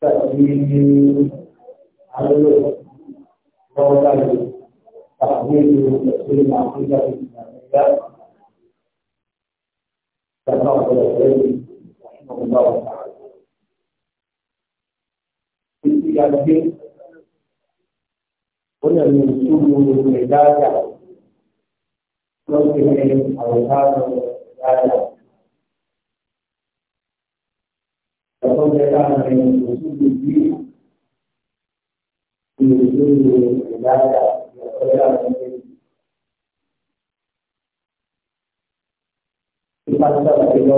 تأثير على موضع تحويل تأثير العقيدة الإسلامية كما العلم رحمه الله تعالى في كتابه هنا من سبل العبادة ممكن أن أوهام العبادة jẹ́ káwọn ẹni tó tún lè bí ìròyìn ìdájà ìyàtọ̀jà lọ́wọ́. Ipa tí wọ́n ti lọ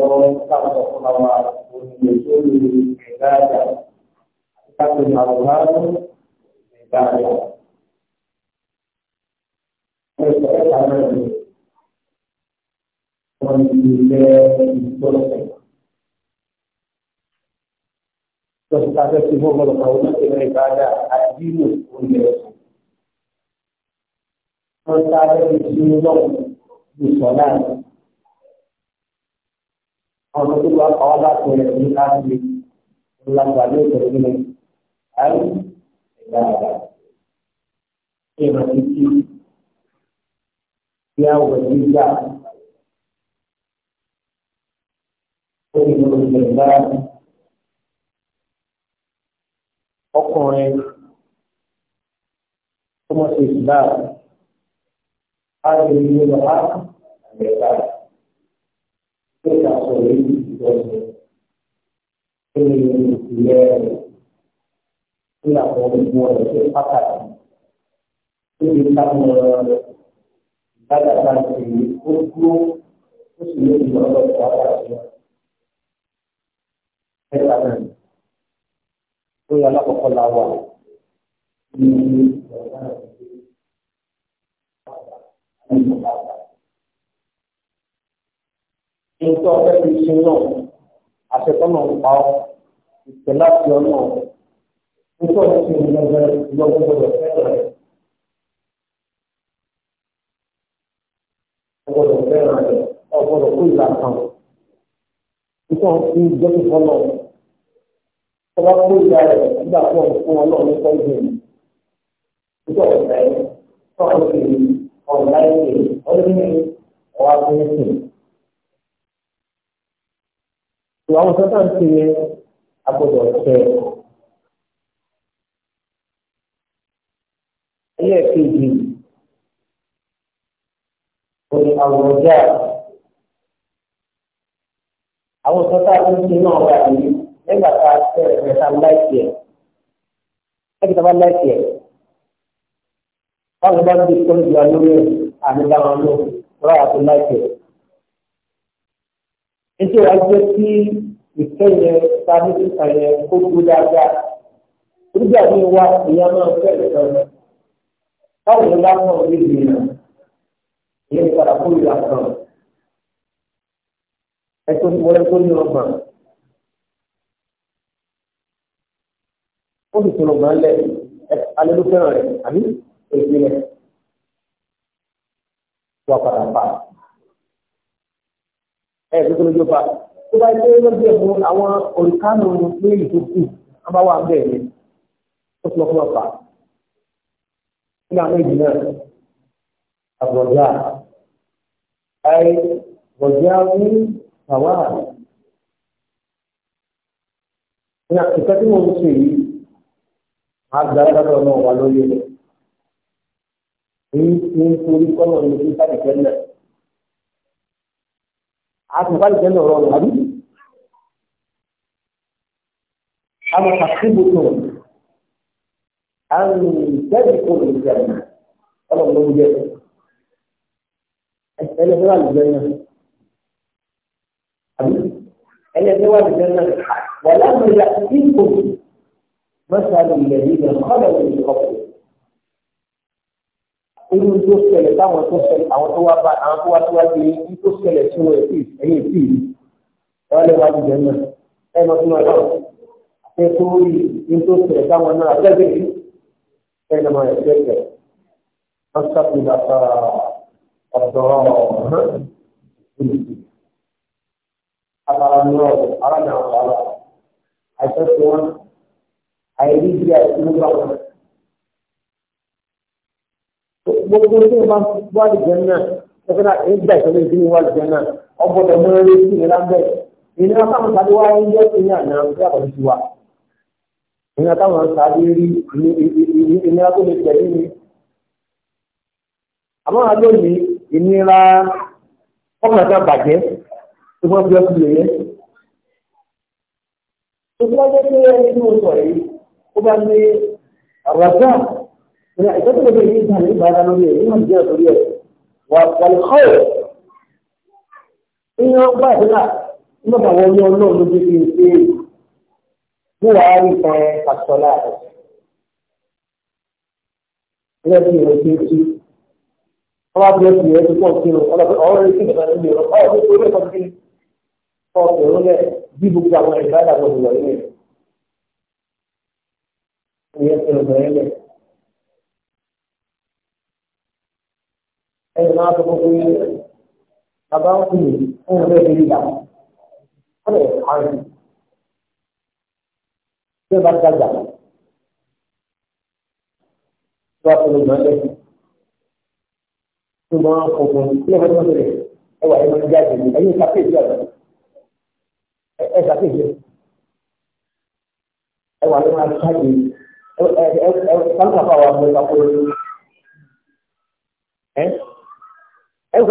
káwọn ọ̀pọ̀ àwọn òṣìṣẹ́ tó lè ìdájà àti káwọn àwòrán ìdájà. Ẹ̀sọ̀ ẹ̀ka náà ni wọ́n ti lẹ́ ìgbọ́sẹ̀. tàbí ti bọ́ gbọ́dọ̀ kàwé tó ti rẹ̀ ìbáadà àdínù oúnjẹ ẹ̀sìn. wọ́n sáré ti sí lọ́wọ́ ju sọ̀lá rẹ̀. àwọn tó wá kàwá bá tó rẹ̀ ní káàkiri ńlágbà ló tẹ̀lé nílẹ̀. àrùn ìgbà àgbà ìrìn títí bí àwọ̀ gbígbà ó ní oúnjẹ ìbára ọkùnrin tó mọ̀ sí islam á lè rí i lọ á tó ta sọ yìí ìjọsìn tó lè rí ìpìlẹ̀ rẹ̀ tó yà wọ́n gbogbo ọ̀rọ̀ tó pàtàkì tó lè ká mọ̀ dáadáa sí ó dúró ó sì lè rí ọ̀rọ̀ tó pàtàkì. Thank you lórí alákọ̀ọ́kọ́ la wà ní nǹkan ọ̀fẹ́ ti ṣe náà àṣetọ́nà ń pa ọ́ ìpè láti ọ náà nítorí ọ̀fẹ́ ti ń gbẹgbẹ lọ́wọ́ gbọdọ̀ fẹ́ràn rẹ̀. ọgbọdọ̀ fẹ́ràn rẹ̀ ọgbọdọ̀ kó ìlà kan nítorí ọ̀fẹ́ ti ń gbẹ́kẹ̀kọ́ náà. ọba kó ìgbà rẹ̀ nígbà tó ń fún ọlọ́run nípa ìgbà rẹ̀ nígbà ọ̀gá ẹ̀ tọ́kọ̀ kiri ọ̀gá ẹ̀ ọdún ní ọ̀wá tó ń sìn. ìwà àwọn sọ́tà ń ṣẹ. kejì àwọn sọ́tà ń náà wà nínú. nígbà tá a tẹ ẹ̀ ta láìpẹ́ ẹ̀ ẹ̀ kìtà bá láìpẹ́ ẹ̀ báwo bá ń di kó ń jọ lórí àmì dáhùn ló rọ àti láìpẹ́ ẹ̀. Ètò wa jẹ́ kí ìkẹyẹ tàbí ìkẹyẹ kó gbó dáadáa. Nígbà tí wá ìyá máa fẹ́ ìtàn báwo ni bá mọ̀ ní ìgbìmọ̀ ìyẹn ìpadà kó ìlà Ẹ̀sùn ìwọlé tó ní ọgbà. ó sì tún ọgbà ńlẹ̀ alẹ́ ló fẹ́ràn rẹ̀ àbí èsì rẹ̀ wà padà pa ẹ̀ tó tó lójú pa tó bá dé lọ́jọ́ ìbò àwọn olùkánù lórí ìdókù wọn bá wà bẹ́ẹ̀ ni ó tún ọkọ̀ pa nínú àwọn èjì náà àbọ̀dá ayé bọ̀dá ní sàwáà. Ìyá ìtẹ́tí mo ń ṣe yìí agbára náà wà lórí rẹ̀. Èyí ti ń torí kọ́nà ní ojú sáré tẹ́lẹ̀. Àtùbálẹ̀ tẹ́lẹ̀ rọrùn àbí? Àwọn kàkíbù tó àwọn ìjẹ́bí kò lè jẹ́ ọ̀nà ló ń jẹ́. Ẹlẹ́fẹ́ wà lùjẹ́ náà. Àbí? Ẹlẹ́fẹ́ wà lùjẹ́ náà. Wà láwọn ìyá tí kò lè. مثل الذين خلوا من قبل irú tó ṣẹlẹ̀ táwọn tó ṣẹlẹ̀ àwọn tó wá bá àwọn tó wá tó wá di irú tó ṣẹlẹ̀ tí wọ́n ti ẹ̀yìn tí wọ́n lè wá dìde náà ẹ̀ lọ sínú ọ̀dọ́ àti tó rí irú tó ṣẹlẹ̀ táwọn náà lẹ́gbẹ̀ẹ́ yìí ẹ̀ lọ́mọ ẹ̀ lẹ́gbẹ̀ẹ́ wọ́n ṣàfihàn àtà ọ̀dọ́ ọ̀hún àtàrà ní ọ̀dọ̀ aráàlú àwọn àìsàn tí wọ́n àìríjẹ àìsílùbà wọn. gbogbo tí wọn bá wà lùjẹ náà ẹgbẹ́ra nígbà ìtọ́jú ìdí ni wà lùjẹ náà ọgbọ́dọ̀ mọ́ra lé sí ìlera bẹ́ẹ̀. ìnira táwọn sáré wá ní yọ sí ní àná ní àkọ́jú ti wà. ìnira táwọn sáré rí ìnira tó lè tẹ̀lé ni. àmọ́ àlọ́ yìí ìnira sọ yìí ó bá ní àwàdà ìrìn àìsàn tó lè ní ìgbà ní ìbára lórí ẹ̀ níwọ̀n jẹ́ òtórí ẹ̀ wà pẹ̀lú ọ̀rọ̀ ìyẹn ó bá ìdílà nígbà bàbá ọmọ ọlọ́run ló dé bíi ṣe mú wàá rí kan ẹ pàṣọlá rẹ̀ ilé ẹ̀sìn ìrìn tí ó ti ọba bí ẹ̀sìn ìrìn tó pọ̀ sí o ọ̀rọ̀ rẹ̀ sì nígbà níbi ìrọ̀ ọ̀rọ̀ tó tó ilé ìtọ́jú kí ni ọ̀pẹ̀ òun lẹ̀ bí gbogbo àwọn ìgbà ìyẹn ti obìnrin lẹ̀. ẹni máa sọ fún mi bàbá ń kú fún ọ̀rẹ́ mi nígbà wọ́n lè parí tí ó bá dàgbà tó a fọlọ́ ìmọ̀lẹ́ tó máa ń fọwọ́ tí ó bá tó lè ẹwà ẹ̀rọ jáde sankafawa mai kakoyi eh kan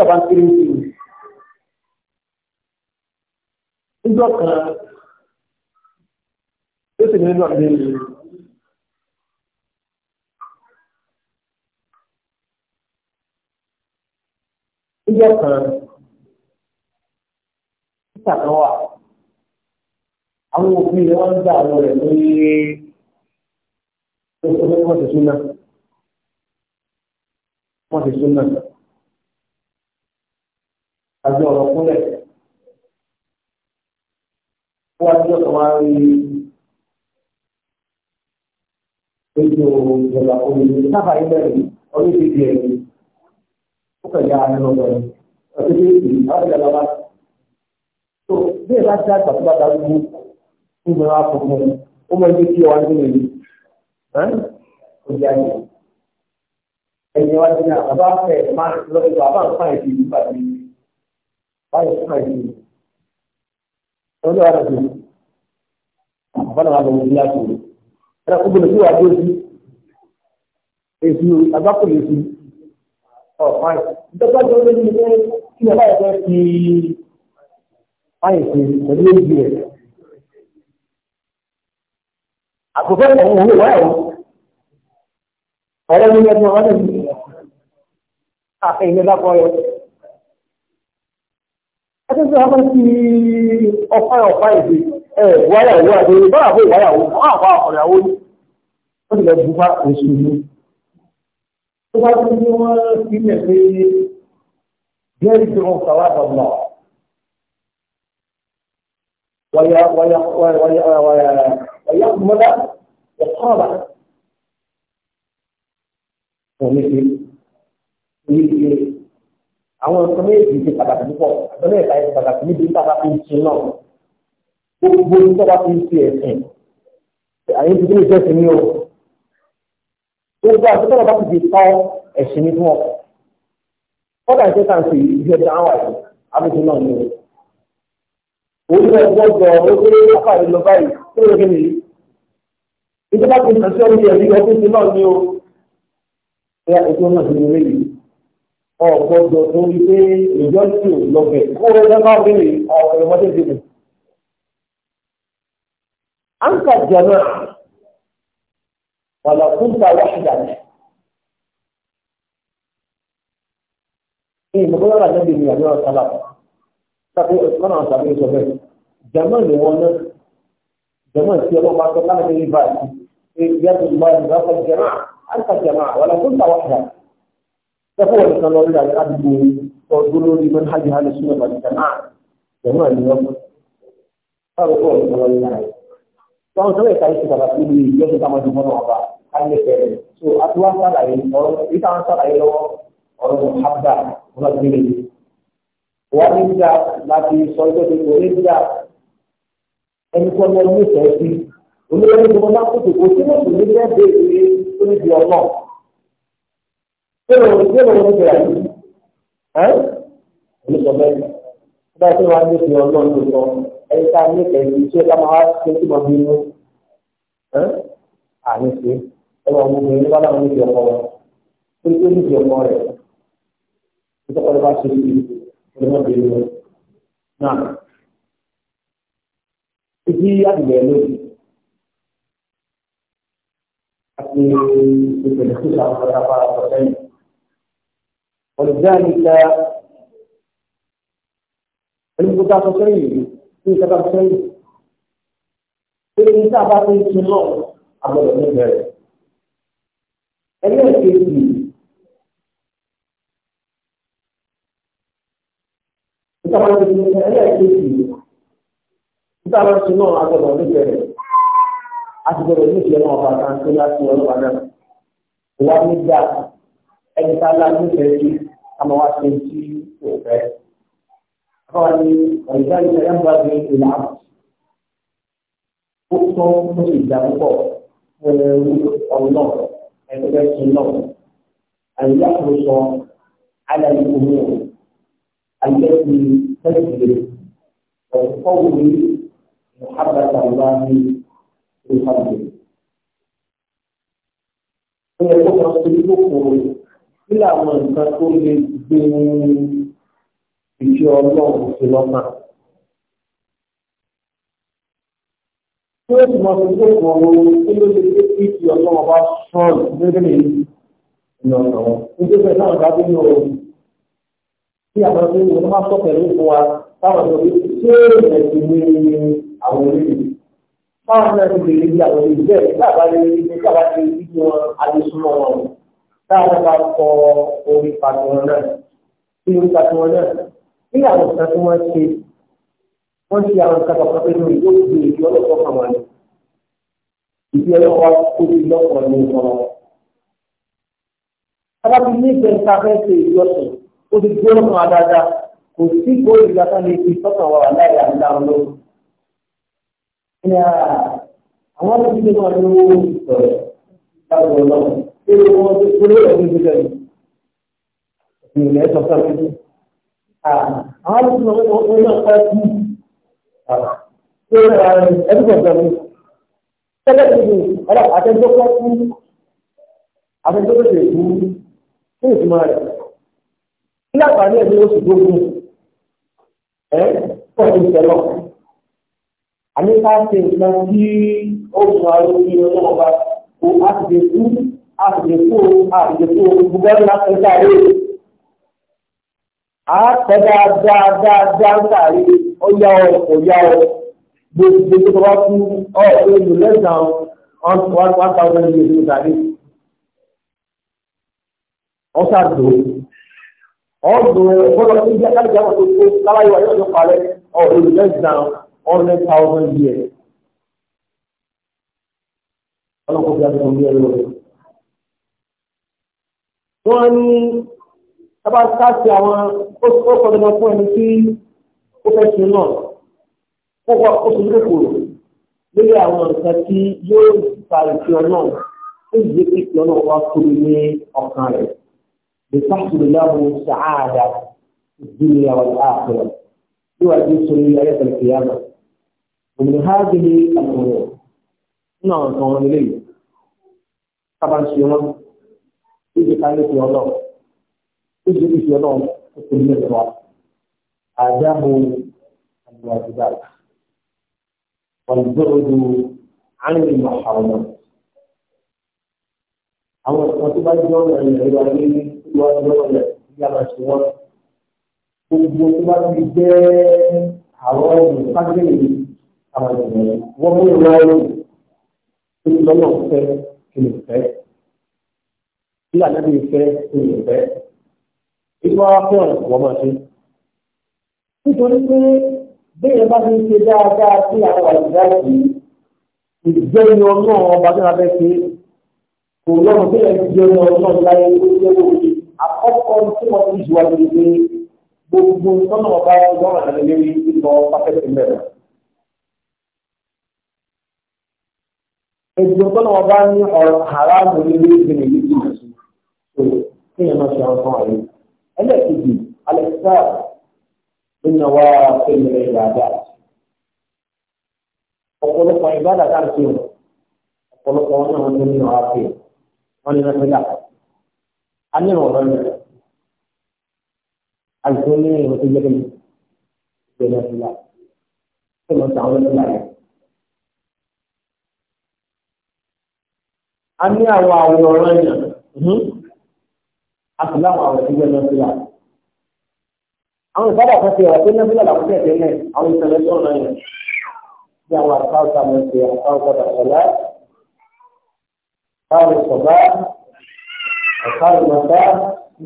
tó àwọn òbí rẹ̀ ń dá àwọn rẹ̀ lórí wọ́n ti súnmọ́ wọ́n ti súnmọ́ àjọ ọ̀rọ̀ kúnlẹ̀ wọ́n á jọ́ sọ́wọ́n rí ètò ìjọba òmìnira sábà ilẹ̀ ọdún ti di ẹ̀yìn ó kẹ̀yà àárín ọ̀dọ̀ rẹ̀ ọdún ti di àbẹ̀dẹ̀ lọ́wọ́ tó bí ẹ bá dá àgbà tó bá dá lóko ń bẹ̀rẹ̀ àpò fún ọ ó máa ń gbé kí ọ wá nínú ìlú kó jáde ẹni wá sí náà bàbá fẹ́ máa lọ sí bàbá ń fà ìdí nípa mi báyìí ń fà ìdí ọdún wa dàgbé bàbá náà wà lọ sí láti wò ẹ̀rọ kó gbọdọ̀ sí wà dé sí èsì àgbákò lè fi ọ̀ fáì ìjọba tó lé ní ilé kí ni báyìí fẹ́ fi fáì sí pẹ̀lú èyí rẹ̀ àkókò ẹ̀wọ̀n òun wọ̀ ẹ̀wọ̀n ọ̀rẹ́ mi lẹ́nu ọ̀rẹ́ mi àfẹ́yìn lápọ̀ rẹ̀. Ẹgbẹ́sẹ̀ ọmọ ti ọ̀pá ọ̀pá ìdè ẹ̀ wáyàwó àti bọ́làbó ìwáyàwó ọ̀pá ọ̀rẹ́wó ní ó ti lọ bú bá oṣù mi. Ó bá tún ní wọ́n fi mẹ̀ pé jẹ́rìí tí wọ́n kàwá àbàbà. Wàyà wàyà wàyà wàyà wàyà mọ́lá ẹ̀kọ́ àbàbà oníṣe oníṣe àwọn nǹkan méjì ṣe pàtàkì púpọ̀ àgbẹ̀lẹ̀ ìta ẹ̀sìn pàtàkì níbi níta bá fi ń ṣe náà gbogbo níta bá fi ń ṣe ẹ̀sìn àyè ti dé ìfẹ́ sí ní o gbogbo àti tọ́lọ̀ bá ti di tọ́ ẹ̀sìn ní fún ọ kọ́dà ìṣẹ́ kan sí ibi ọjà àwọn àti àbùkù náà ní o òun náà wọ́n jọ ó pé afáàlú lọ báyìí kí ló ń kí ni ìjọba ti sàn sí ọdún yẹn bí ọdún ti náà ní o ẹ ojú ọ̀nà sí ilé yìí ọ̀gbọ́dọ̀ tó rí pé ìjọ tí ò lọ́bẹ̀ kó rẹ lọ́nà béèrè ọ̀rọ̀ ọmọdé ti mú. à ń kà jẹ̀mọ́ wàlà fún ta wáṣídà ní. ní ìmọ̀ bọ́lá náà bèèrè àjọ ọ̀sán àpá tàbí ọ̀sán àwọn àtàbí sọ bẹ́ẹ̀ jẹ̀mọ́ ni wọ́n ná jẹ̀mọ́ tí ọlọ́pàá tó kálẹ̀ ní ibà yìí أنت جماعة ولا كنت وحدك فهو اللي كان يقول لك أبدي وقولوا لي من حاجة هذا السنة والجماعة جماعة اليوم هذا هو اللي كان يقول لك Wọ́n sọ èka yìí ṣùgbọ́n àti ìlú ìjọ tó dáwọn ìdúgbò náà wà láyé bẹ̀rẹ̀. So àtiwá sàlàyé ọ̀rọ̀ ìta ń sàlàyé lọ́wọ́ ọ̀rọ̀ Mùhàmmad Ọlọ́dúnrún. Wọ́n ní ìjà láti sọ ìjọ́ tó kò ní ìjà ẹni tó lọ ní olùdarí tó bá kó tòkó tí wọn kò ní bẹ́ẹ̀ bẹ́ẹ̀ ṣe tó ní di ọlọ́ yóò yóò lọ́wọ́ ti rà yìí ẹ́ olùsọ bẹ́ẹ̀ bá tí wọn á ní di ọlọ́ ní ọlọ́ ẹni tá a ní kẹ́ ẹni tí ó ká máa ṣe tí mo bí mú ẹ́ àní ṣe ẹ wọ́n mú mi ní bá láwọn ní di ọkọ rẹ tó ní tó ní di ọkọ rẹ ìtọ́kọ̀ bá ṣe sí ìdí في الخلع والخلفاء والعلم ولذلك المتفقين في تفقين في الانتابات الكلام عبد الله ẹlẹ́ẹ̀kejì ìtàwọn ẹlẹ́ẹ̀kejì ìtàwọn ẹlẹ́ẹ̀kejì náà agbọ̀dọ̀ níbẹ̀rẹ̀ àti gbọdọ̀ ní ìfẹ́ wọn ọba kan tó láti ọlọ́wà náà. Ìwà ní gbà ẹni tá a lá nífẹ̀ẹ́ sí àmọ́ wá ṣe tí kò fẹ́. Àwọn ni ọ̀gá ìfẹ́ ń bá mi ìlà ó tọ́ ó sì dá púpọ̀ ẹ̀rù ọ̀run náà ẹgbẹ́ sí náà. Àyíká tó sọ aláyé omi ò àyíká ti tẹ́sí rẹ̀ ọ̀pọ̀ wòlé Mùhàmmad Sàlùmá ní ìfàgbé. Ó yẹ kó máa ṣe lókòrò kí làwọn nǹkan tó lè gbé ìṣe ọlọ́run sí lọ́nà. Tí ó sì máa ṣe lókòrò kí ló lè gbé ìṣe ọlọ́run bá sọ̀rọ̀ lórí ìlànà wọn. Nítorí náà bá bí yóò tí àwọn ọmọ ìwé máa sọ pẹ̀lú fún wa táwọn ọmọ ìwé ṣé ẹ̀sìn ní àwọn orílẹ̀-èdè báwọn náà ti bèrè bí àwọn ìlú bẹ́ẹ̀ láàbá lè rí ní sábà ti rí bí wọn adésúnmọ́ wọn o táwọn bá kọ orí pàtó wọn náà kí ló ń pàtó wọn náà kí àwọn kan tí wọ́n ṣe wọ́n ṣe àwọn kan kọ̀ọ̀kan pé lórí yóò gbé ìdí ọlọ́pàá kan wọn ni ìdí ọlọ́pàá tó ti lọ́pọ̀ ní ìfọ̀rọ̀ wọn. sábà ti ní ìgbẹ́ nípa fẹ́ ṣe ìjọsìn ó ti gbé ọ̀nà àdáadáa kò sí ìgbó ìgbà ya àwọn tó ti máa ló sọ̀rọ̀ láwọn ọlọ́run pé wọ́n tó kúrò ọdún tó lẹ́nu ìrìnlẹ̀ ẹ̀sọ́ sọ́kí ní. àwọn tó ti máa wọ́n wọ́n náà pa sí pé ẹ̀dùkọ̀ sọ́kí. tẹ́lẹ̀ tó ti ọ̀rọ̀ àtẹ́jọ́ pọ̀ sí àtẹ́jọ́ tó ti kú sí ìtumọ̀ rẹ̀. nígbà pàdé ẹ̀dùn oṣù tó kù ẹ̀ pọ̀ sí ìtẹ́lọ́kùn àní ká ṣe nǹkan tí ó sọ àrùn ní ọjọ́ ọba kó a ti lè kú a ti lè kó a ti lè kó gbogbo ẹ̀rọ láti ń sáré a tẹ dáadáa dáadáa ń sáré ó yá ọ kò yá ọ gbogbo tó bá kú ọ èlò lẹ́sàn-án one one thousand years ní sáré ọ sàdó ọ dùn ọ bọ́lá ní ìjẹ́ káàdì àwọn tó kó láwáyé wáyé ọjọ́ parẹ́ ọ èlò lẹ́sàn-án hundred thousand years ọlọ́kọ̀ fi àti ìgbìyànjú ẹ̀rọ lọ. wọ́n ní tábà káàsì àwọn ó kọ́ dandan fún ẹni tí ó fẹ́ ṣe náà ó kọ́ oṣù lókòrò lórí àwọn nǹkan tí yóò fa ìfẹ́ ọlọ́run ó yẹ kí ọlọ́run wá kúrò ní ọkàn rẹ̀ lè sáàtúrò láwọn sàáàdà ìdílé àwọn àpẹẹrẹ yóò sórí ayẹyẹ ومن هذه الأمور náà nǹkan wọn lè yìí sábà ń ṣe wọn ìdí ká ní fi ọlọ ìdí ìfi ọlọ òkú ní ìlú wa àdáhù àdúrà wọn gbọ́dọ̀ ju àrùn ìmọ̀ àwọn àwọn ọ̀sán tó bá àwọn ènìyàn wọ́n mú ìwà ẹ̀rọ tó ti fẹ́ kí lè fẹ́ fẹ́ kí lè fẹ́ ìlú wa ọ̀rọ̀ máa ṣe. nítorí pé bẹ́ẹ̀ bá ti ṣe dáadáa sí àwọn àìsíra yìí ìjẹ́ni ọlọ́run ọba tó lábẹ́ ṣe kò lọ́run bẹ́ẹ̀ ìjẹ́ni ọlọ́run láyé tó jẹ́ lórí àkọ́kọ́ tí wọ́n ti ju àgbègbè gbogbo sọ́nà ọba ọlọ́run àlejò ètò tó lọ́wọ́ bá ní ọ̀rọ̀ haramu nínú ìgbìmọ̀ yìí jìnnà sí tó kí ni wọ́n ṣe àwọn kan wọ̀nyí. ẹlẹ́ẹ̀kejì alẹ́sà nínú wa fẹ́mi rẹ̀ dáadáa. ọ̀pọ̀lọpọ̀ ìbáda dáa sí wọn ọ̀pọ̀lọpọ̀ wọn náà wọn ní wàá fẹ́ wọn ní wọn fẹ́lá. a ní ọ̀rọ̀ rẹ̀ àìsàn tó yẹ kí ìgbẹ́ náà fẹ́lá. kí ni wọ́n àwọn fẹ́lá yẹn. a ní àwọn àwòrán èèyàn a sì láwọn àwọn ìgbẹ́ nọ́fílà àwọn ìbádà kan ti ọ̀rọ̀ pé nọ́fílà làwọn tẹ̀ tẹ́lẹ̀ àwọn ìṣẹ̀lẹ̀ tó ràn yẹn bí àwọn àkáwùtà mọ̀ ṣe àkáwùtà ọ̀la káàrọ̀ sọ̀bá ọ̀káàrọ̀ mọ̀tá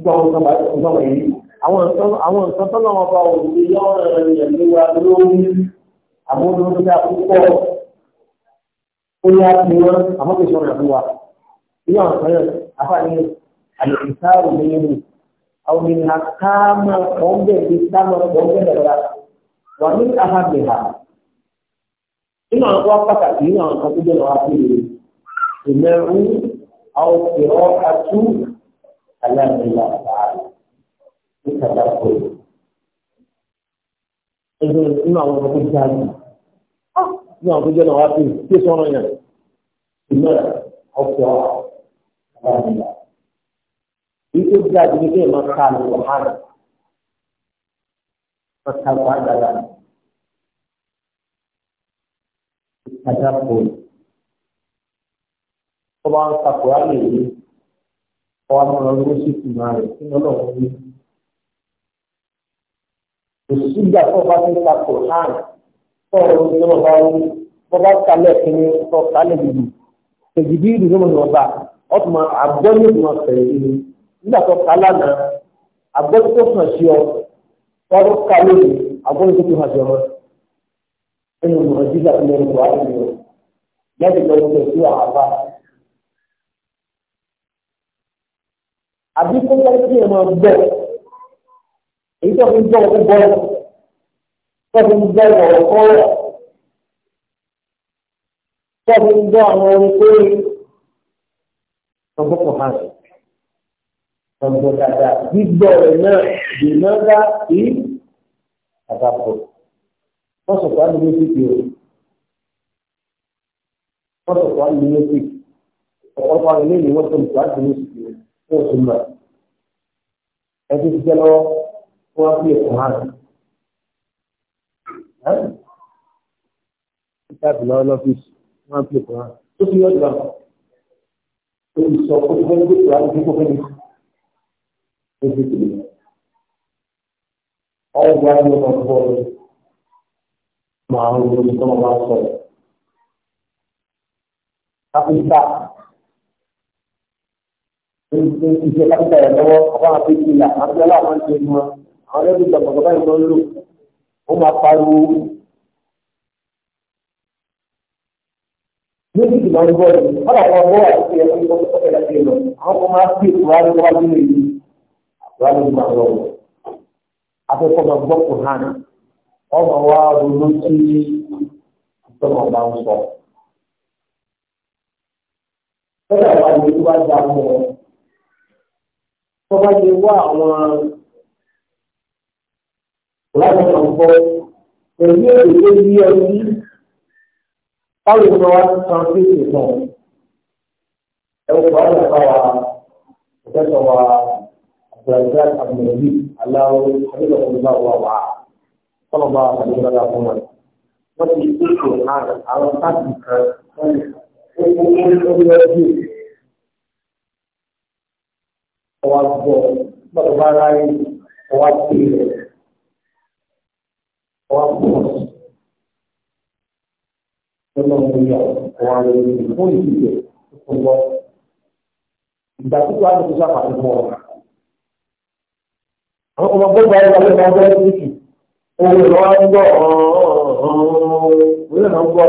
gbogbo àwọn nǹkan bàtà ọ̀gbọ́n wọ̀nyí àwọn nǹkan tó lọ́wọ́ bá òun ti yọ ọ̀rọ̀ yẹn lé wa lórí àbójútó قلنا نور أما في شرع هو إمام خير أفعل الإنسان منه أو من أحكام قومه بإسلام قومه دولة ومن أهمها إن أوقفك إن أقول الغافل سمعوا أو قراءة كلام الله تعالى بتدبر إذن إن أوقفك ní àwọn tó jẹ́ náà wá sí kí èso ọ̀rọ̀ yẹn ìmọ̀ ọ̀pọ̀ àbájáde. Èyí tó bí àjùmí kí èèmọ̀ ká ló wà hàn. Wọ́n ká ló wà dáadáa. Ìtajà pò. Wọ́n bá ń sàkóra lè rí ọwọ́ àmọ́ràn ló sì kù máa rẹ̀ sínú ọlọ́run ní. Òṣìṣẹ́ ìgbà tó bá ti ń sàkóra hàn. Tọ́ọ̀rọ̀ ní ọba wọn bọ́bá kalẹ̀ kìíní sọ kalẹ̀ dìbò tẹ̀jìdì ìdùnnú mi lọ bá ọtúmọ̀ àgbọ̀ ní ìdùnnú ọ̀sẹ̀rẹ̀ yìí nígbà tó kalẹ̀ náà àgbọ̀ tó hàn sí ọ tọ́rọ kalẹ̀ yìí àgbọ̀ tó tó hàn sí ọmọ ẹnu mọ̀ sí ìgbà tó lẹ́nu wà nínú rẹ̀ lẹ́yìn tó lọ sí àbá. àbí kó lẹ́yìn tí ẹ máa gbọ́ èyí tó fi gbọ́ ọ tẹ́ẹ̀fì ń gbọ́ àwọn orin tó rí ọgbọ́n kan ọgbọ́n dáadáa gbígbọ́ rẹ̀ náà dènà bá sí àbábọ̀ wọ́n sọ̀tọ̀ àmì mẹ́sìkì o wọ́n sọ̀tọ̀ àmì mẹ́sìkì ọ̀pọ̀lọpọ̀ àwọn eléyìí wọ́n sọ̀tọ̀ àmì mẹ́sìkì o wọ́n sọ̀tọ̀ mọ̀ ẹtí ti jẹ́ lọ́wọ́ fún wa fún ẹ̀kọ́ hàn ìtàkùn lọ́wọ́ lọ́fíìsì máa ń pè kúrò tó fi yọ̀dù wa ó ti sọ ó ti fẹ́ gbé kúrò àti kíkó fẹ́ni ó ti tì í ọ̀rọ̀ ìgbà ni wọ́n bọ̀ ọ́ máa ń lo ní tọ́mọ bá sọ̀rọ̀ kápẹ́ńtà ìṣe kápẹ́ńtà yẹn lọ́wọ́ ọ̀pọ̀ àti ìlà àti ọlọ́àmọ́ ìṣe wọn àwọn máa ń gbọ́ ni wọ́n dàgbà àti ẹ̀kọ́ ìgbọ́ tó fẹ́ láti lọ àwọn kan máa fi ètò wáyé wá nínú èyí wá nínú máa lọ. afẹ́kọ́ máa gbọ́ hàn ọmọ wa ronú sọ. wa ni bá dá ọ. bá yẹ wá àwọn báwo ni wọ́n ti san fífi náà ẹ wọ́n wá lọ́wọ́ wa pẹ̀lú wa abdulrasaq abdulrabi aláwo abdulrasaq wa wa sọ̀rọ̀ bá abdulrasaq fún wa wọ́n ti fífi náà àwọn sáàtì kan wọ́n ti fún un lórí ọjọ́ wa gbọ́ gbọ́dọ̀ bá ara yẹn wa ti rẹ̀ wa gbọ́ tó lọ sí ìyá ọ̀wá rẹ̀ ní fún ìdíje tó gbọ́. Ìgbà tó wà ní ìṣe àpàtì mọ́ ọ̀rọ̀. Àwọn ọmọ gbogbo ayé wọlé máa ń bẹ́ẹ̀ sí ìkì. Owó ìlọ ń gbọ́ ọ̀rọ̀ náà ń gbọ́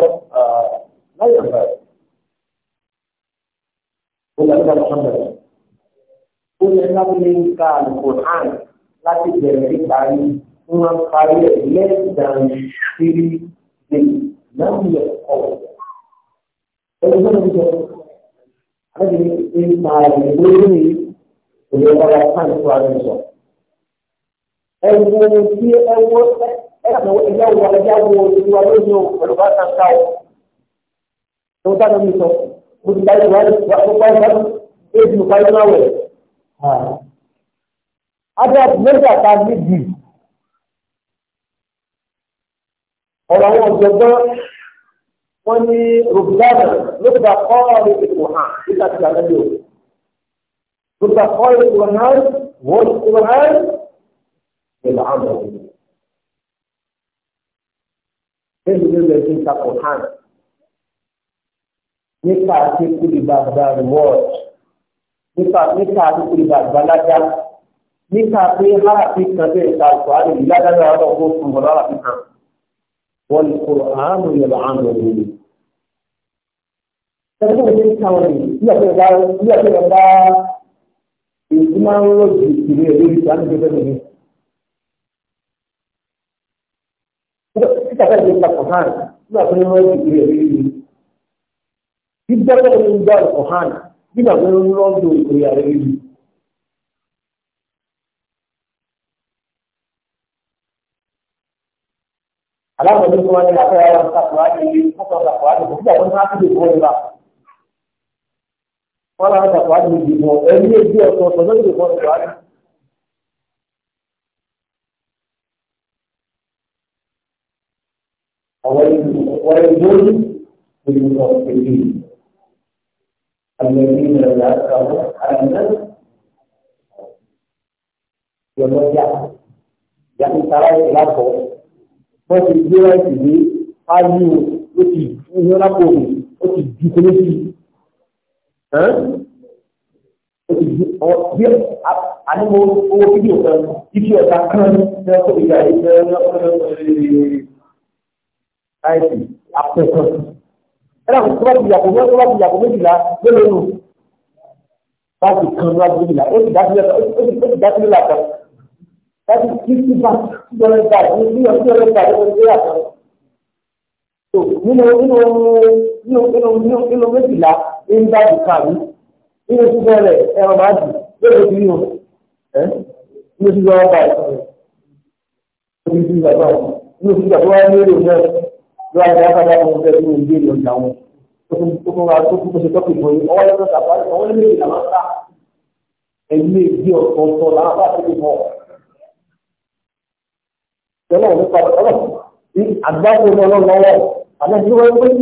láyé ọ̀gá rẹ̀. Ó yẹ kí wọ́n bẹ̀rẹ̀. Ó yẹ kí wọ́n lè ka Al-Qur'an láti bẹ̀rẹ̀ nípa yìí. Wọ́n máa ń parí ẹ̀ less than three days lọ́wọ́ yẹ ọ̀wọ̀. Ẹni ní bìí. ọ̀rọ̀ àwọn ọ̀jọ̀gbọ́n wọ́n ní rògbòdàdà ló gba kọ́ọ̀rì ìwò hàn nígbà tí a lẹ́yìn o ló gba kọ́ọ̀rì ìwò hàn wọ́n ìwò hàn ìlà àmọ̀ òní. bẹ́ẹ̀ ni lè fi takò hàn nípa àti kúlìbà gba reward nípa nípa àti kúlìbà gba lájà nípa pé hàràfin kan bẹ́ẹ̀ ta ìkọ́ àdìyí ládàá náà lọ́wọ́ fún wọn lọ́wọ́ àfihàn. والقرآن يلعنه Tẹ̀lé ìwé ní káwọn yìí, bí ọ̀pẹ̀ bá bí ọ̀pẹ̀ bá èyí máa ń rọ̀ ju ìwé ẹ̀rí ìgbà ní ìgbẹ́ mi. Títà bẹ́ẹ̀ ní ìpapọ̀ hàn, bí ọ̀pẹ̀ ń rọ̀ ju ìwé ẹ̀rí yìí. aláwọ̀ ní kí wọ́n ní afẹ́ ọ̀rọ̀ ìsàkùnrin àti ìfọ̀sọ̀rọ̀ àkùnrin kò síjà tó ní láti dìbò ìgbà. wọ́n lọ́wọ́ ìsàkùnrin àti ìdìbò ẹni èdè ọ̀tọ̀ ọ̀tọ̀ lórí ìdìbò ìsàkùnrin. àwọn ìdìbò ìdìbò ìdìbò الذين لا يعلمون أن يرجع يعني ترى إلى فوق wọ́n ti gbé láìsí ní áyú ó ti ní lápò òun ó ti ju kúlé sí bí àní mo owó fídíò kan fídíò ọ̀tá kan ní ọkọ̀ ìyá ìfẹ́ láìsí àpò kan ẹ̀rọ tó bá ti yàgò mọ́ tó bá ti yàgò méjìlá lónìí o ti kan lọ́wọ́ méjìlá ó ti dá sílẹ̀ ó ti dá sílẹ̀ làkàn láti fifty bank two hundred bank ní bí wọn two hundred bank ló ń gbé àtọ́rọ̀. tó nínú nínú nínú nínú nínú nínú méjìlá ní ń bá ìka mi nínú sísọ rẹ ẹran máa dì lórí ti yíyan ẹ nínú sísọ ọba ìsọ rẹ nínú sísọ ọba nínú sísọ ọba ní èrè náà lọ́wọ́ àti àkàdá fún ọ̀fẹ́ tó ń gbé ìlọ̀jà wọn tó fún wa tó fún oṣù tọ́kì fún yín ọwọ́ lọ́sọ̀ọ̀sà ọwọ́ lé méjìlá máa ń ta ẹ̀yìn lè gbé ọ̀tọ̀ọ̀tọ̀ làwọn bá ti fi mọ́ ọ̀ tẹ́lẹ̀ nípa ọ̀rọ̀ tí àgbákò náà lọ́wọ́ àmọ́ tí wọ́n pín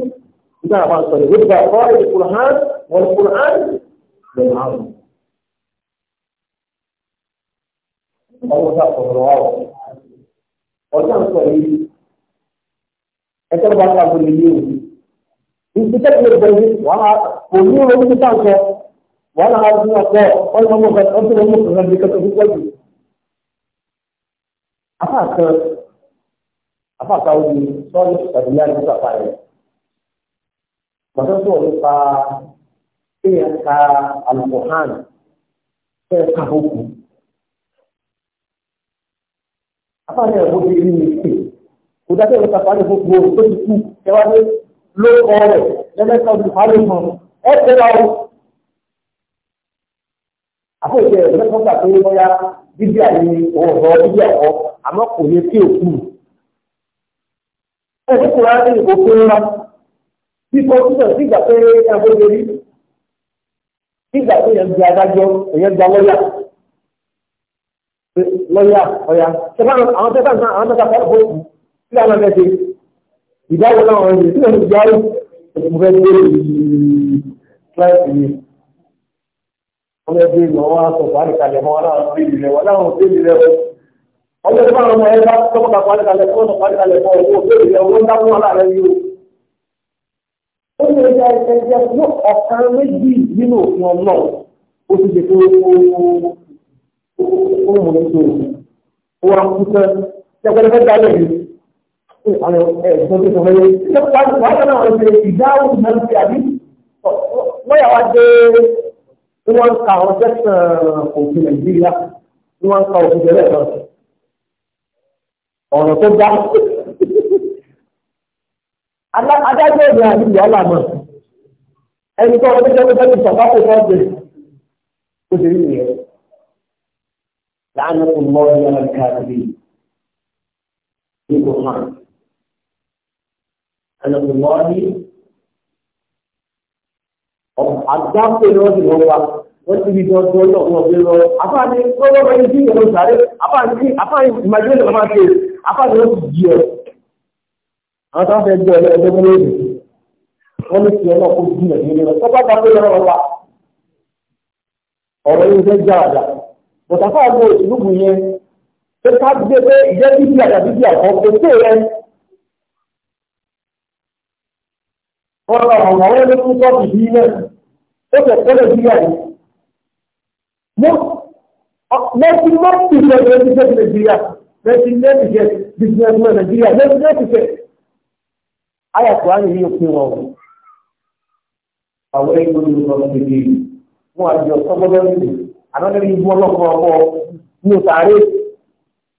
nígbà àwọn sọ̀rọ̀ nípa ọ̀rọ̀ ìkùrán wọn ìkùrán bẹ̀rẹ̀ àrùn. ọwọ́ sá sọ̀rọ̀ wa ọ̀ ọjọ́ sọ yìí ẹjọ́ bá ká gbọ́dọ̀ yé o ìdí tẹ́lẹ̀ bẹ̀rẹ̀ wàhálà kò ní orí títà sọ wàhálà àwọn ọ̀sán ọ̀sán ọ̀sán ọ̀sán ọ̀sán ọ̀sán ọ̀sán ọ̀sán ọ̀sán ọ̀sán ọ̀sán àfàkà ó di sọ́ọ̀lì tàbí yá ní sàfà rẹ̀. Màtọ́sọ̀ nípa kéèyàn ka alùpùpù fẹ́ẹ́ ka òkú. Afáàní ẹ̀rọ bí rí ìpè. Kò dájú ẹ̀rọ sàfà ní gbogbo ohun tó ti kú ẹwà ní ló kọ rẹ̀ lẹ́mẹ́ta ojú fàálù kan. Ẹ tẹ́ra o. Àfọ̀ ìṣẹ̀lẹ̀ mẹ́tọ́ta tó ń bọ́yá bíbí àyè òwò àmọ́ kò yẹ kí òkú òkú kùránì ìbò tó ń lọ bí kò túbọ̀ sí ìgbà pé ẹgbẹ́ lè rí nígbà tó yẹn di adájọ́ èyàn gba lọ́yà lọ́yà ọ̀yà àwọn tẹ́tà náà àwọn tẹ́tà fẹ́ fún kí làwọn ọmọ ẹ̀ṣẹ̀ ìdáwọ̀ náà wọ́n ṣe sílẹ̀ ìgbà rẹ̀ mo fẹ́ gbé kíláàsì yìí wọ́n fẹ́ gbé ìgbà wọn mọ́ wọn ọjọ́ tó bá wọn ẹ bá tọ́kọ̀tà parí kalẹ̀ fún ọ̀nà parí kalẹ̀ fún ọ̀wọ́ òbí ìyẹn owó ń dá fún ọ̀la rẹ yìí o. ó ní ẹja ẹsẹ̀ jẹ́ ní ọ̀kan méjì nínú òfin ọ̀nà ó ti dè fún ohun ètò òwò àkùtẹ jẹ́pẹ́lẹ́ fẹ́ dálé yìí. Àwọn ẹ̀sùn tó sọ fẹ́ yẹn. Wọ́n yà wá dé wọ́n ka àwọn jẹ́sàn òfin Nàìjíríà wọ́n ka òfin jẹ́lẹ̀ kan ọ̀rọ̀ tó dá. Adájọ́ ìrìn àti ìyọ́là náà, ẹni tó ọdún jẹ́ pẹ́ẹ́lú sọ̀kọ́ kò fọ́ bèrè, ó ti rí ìyẹn. Láàánú kò mọ ní ọ̀rọ̀ káàkiri nípò hàn. Ẹnu kò mọ ní ọ̀gbá pé ni wọ́n ti lọ wá wọ́n ti di ọdún ọjọ́ ọ̀pọ̀ lọ. Àfáàní lọ́wọ́ bẹ́ẹ̀ ní ìyẹn ló sáré. Àfáàní ìjọba máa ṣe. Àfáàní ó ti di ẹ̀. Àwọn tó ń fẹ́ jẹ́ ọ̀lẹ́ ẹgbẹ́ mọ́lẹ́ ìlú. Wọ́n ní tiẹ̀ náà kó di ẹ̀ nílé lọ. Tọ́pá ta pé lọ́wọ́ wa. Ọ̀rọ̀ yìí fẹ́ já àjà. Bọ̀tàfà àgbo ìlúkù yẹn. Ṣé ká gbé pé ìjẹ́ bíbí àjà bíbí àkọ́ kò tó rẹ? Wọ́n lọ àwọn ọ̀rẹ́ ló tún sọ́ọ̀tì bí náà. Ó fẹ́ kọ́lẹ̀ bí yàrá mo ti mọ́ ìṣẹ́ ìṣẹ́ ti nàìjíríà lẹ́tí lẹ́tí ṣe business man nàìjíríà lẹ́tí lẹ́tí ṣe ayàtọ̀ àyè ní òpin wọn àwọn ẹgbẹ́ olùkọ́ ti di wọn àjọ sọgbọ́dọ́ nìyí àdọ́dọ́ ní ibú ọlọ́kọ̀ ọkọ̀ ní òtàrí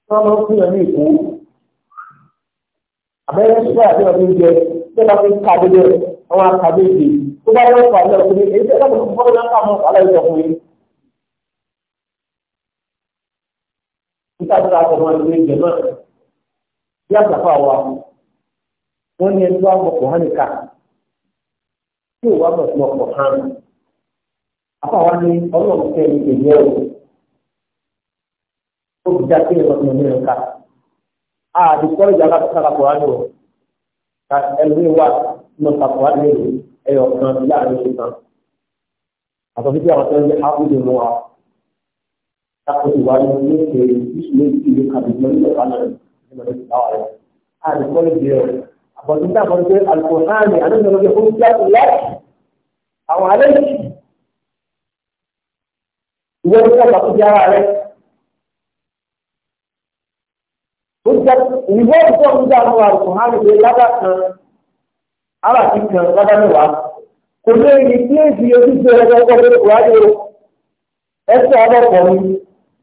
wọn máa ń fún yàn ní ìkó àbẹ́rẹ́ ṣùgbọ́n àti ọdún jẹ tó bá fi kàdé jẹ àwọn àkàdé jẹ tó bá yọ ọkọ̀ àti ọkùnrin èyí tó yẹ tàbí àgbà máa lórí ìjẹ náà bí àgbàfà wa wọ́n ní ẹni wá mọ̀ kò hàn nìka tí ò wá mọ̀ sí ọkọ̀ hàn àfàwọn ní ọlọ́run tẹ ní èyí ẹ̀rọ ó ti já sí ẹ̀rọ tó ní ẹ̀ka àdìpọ̀ ìjà alábàtàkà kò hàn ni o ka ẹlòmí wa mọ̀ kàkọ́ hàn ẹ̀yọ̀ kan láàrin oṣù kan àtọ̀fíjì àwọn tó ń takut warung ini dari bisnis itu kami melakukan ada kalau dia apa kita kalau dia Al-Quran ada kalau dia hujat Allah awalnya dua kita takut dia ada hujat ini bukan hujat Al-Quran dia kata Allah kita kata Allah kalau ini dia dia dia dia dia dia dia dia dia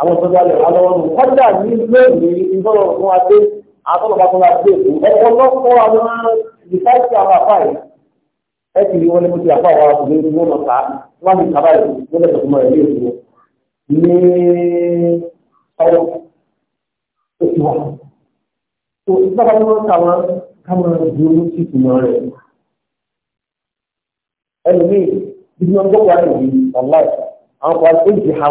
àwọn tó dalẹ̀ wà lọ́wọ́ nù kọ́dà ní lónìí ìtọ́lọ̀ fún wa dé fún wa dé ọ̀pọ̀lọpọ̀ àwọn ìfẹ́sì àwọn afá yìí ẹ ti rí wọn ti àpá àwọn àkùnrin ní wọn lọ́ta wọn ní kaba wọn lè tọ̀tún mọ́ ní èkó ní ọwọ́ tó ti tó ìjọba ni wọn káwọn ju orí sí ìtumọ̀ rẹ̀. ẹnu mi bí wọ́n gbọ́ wà nìyí ọ̀la àwọn kan ó jì ha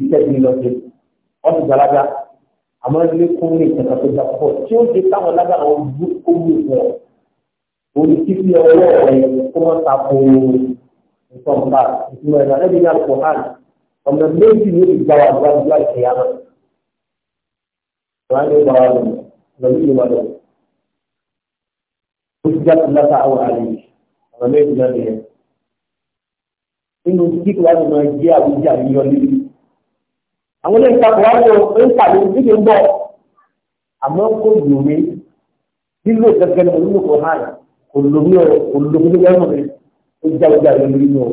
iṣẹ́ ti lọ sí wọ́n ti gbalaga àmọ́ ilé kún ní ìtẹ̀kọ̀ tó gbà pọ̀ tí ó ti táwọn lágbára wọn bú kó mú ìfọ̀ orí títí ọwọ́ rẹ̀ kó wọ́n ta ko nǹkan bá ìtumọ̀ ẹ̀rọ ẹ̀rọ ní àpò hàn ọ̀nà méjì ní ìgbà wà lọ́wọ́ ìgbà ìkẹyà náà wọ́n á ní ìgbà wà lọ́wọ́ ìgbà ìwà lọ́wọ́ ó ti já ti lọ́ta àwọn àlejò ọ̀nà méjì náà nìyẹn nínú títí wàá ní máa jẹ́ àwùjọ àyíyọ níbi àwọn ilé ìta kùrá ní ìpàdé níbi ń bọ̀ àmọ́ kò lómi nílò gẹ́gẹ́ ní olú kò hàn kò lómi ọ̀ kò lómi ní ẹ̀rọ mi ó jáwé jáwé lórí mi ò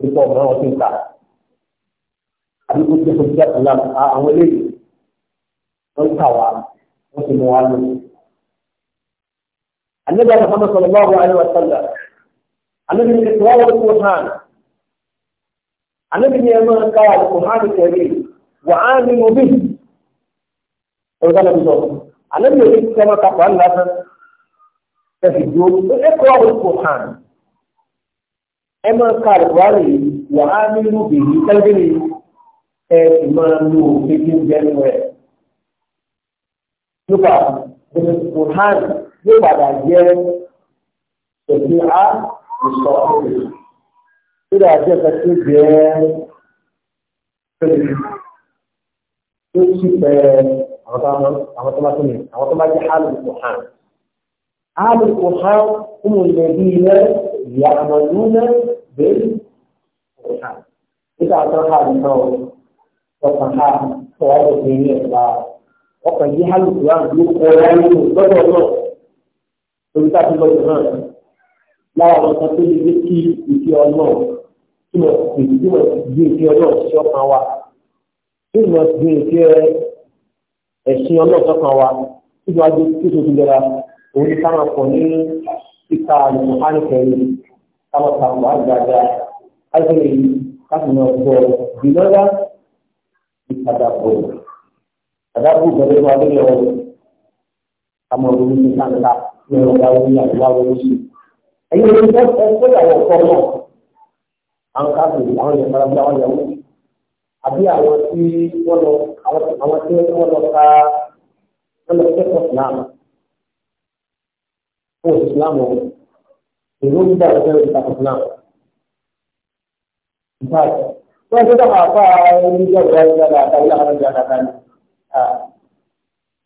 nípa ọ̀mọ́ ọ̀tún ìta àbí kò tó fojú jáde lánà àwọn ilé yìí wọ́n kà wá wọ́n ti mú wa lọ. النبي محمد صلى الله عليه وسلم النبي من إسرائيل القرآن النبي من يمان قال القرآن الكريم wà á ní mo bí ọ̀gá lọ́dún sọ̀rọ̀ alẹ́ mi ò ní sẹ́mọ́ takọ̀ á lásán ẹ fi dúró ẹ kọ́ àwọn kò hàn ẹ máa ka àlùkòrán yìí wà á ní mo bí yìí tẹ́lẹ̀ mi ẹ sì máa lo òfin tí ń nípa kò hàn yóò padà jẹ́ ẹ̀sìn á ìsọ̀ ọ̀hún. Tí ó jẹ́ ẹ̀ka jẹ́ ẹ̀ka tó sì fẹ́ àwọn tó bá tó ní àwọn tó bá jẹ́ alùpùpù hàn. alùpùpù hàn fún ìlẹ̀bí ilẹ̀ ìyá àmọ̀lú náà bẹ́ẹ̀ hàn. nígbà tó hàn náà ọkàn hàn tó wà lóde ní ẹ̀ka ọkàn yìí alùpùpù hàn ló kọ́ láyé lọ́dọ̀ náà torí ká tó lọ́dọ̀ náà láwọn ọmọ kan tó lè gbé kí ìfi ọlọ́ọ̀ kí wọ́n ti gbé ìfi ọlọ́ọ̀ sí ọkàn wa tí ìmọ̀ ti di èké ẹ̀sìn ọlọ́ọ̀tọ́ kan wa tí wàá di tí tó ti lera òun ní káwọn kọ ní kíka àlùmọ́hánì kẹrin káwọn tàpọ̀ àgbàdà áìsílẹ̀ yìí káfí náà gbọ́ ìlọ́lá ìpadàbọ̀ àdàbò bẹ̀rẹ̀ wà lórí ọ̀rọ̀ àmọ̀ òun ní kàńtà ní ọ̀gá orí àdúrà orí sí. ẹ̀yin ló ń tọ́ ẹ fẹ́ yàwọ̀ kọ́ náà àwọn káfí àwọn yẹn fara bí àwọn yẹn wọ́n àbí àwọn tí wọ́n lọ àwọn tí wọ́n lọ ka wọ́n lọ kẹ́kọ̀ọ́ ìsìláàmù fún ìsìláàmù èrò ń dà lọ́sẹ̀ ìtàkùn ìsìláàmù. Báyìí wọ́n ti dáhà fún àwọn oníjọ́ ìwà ìjà dáadáa ìlà àwọn ìjà dáadáa ni.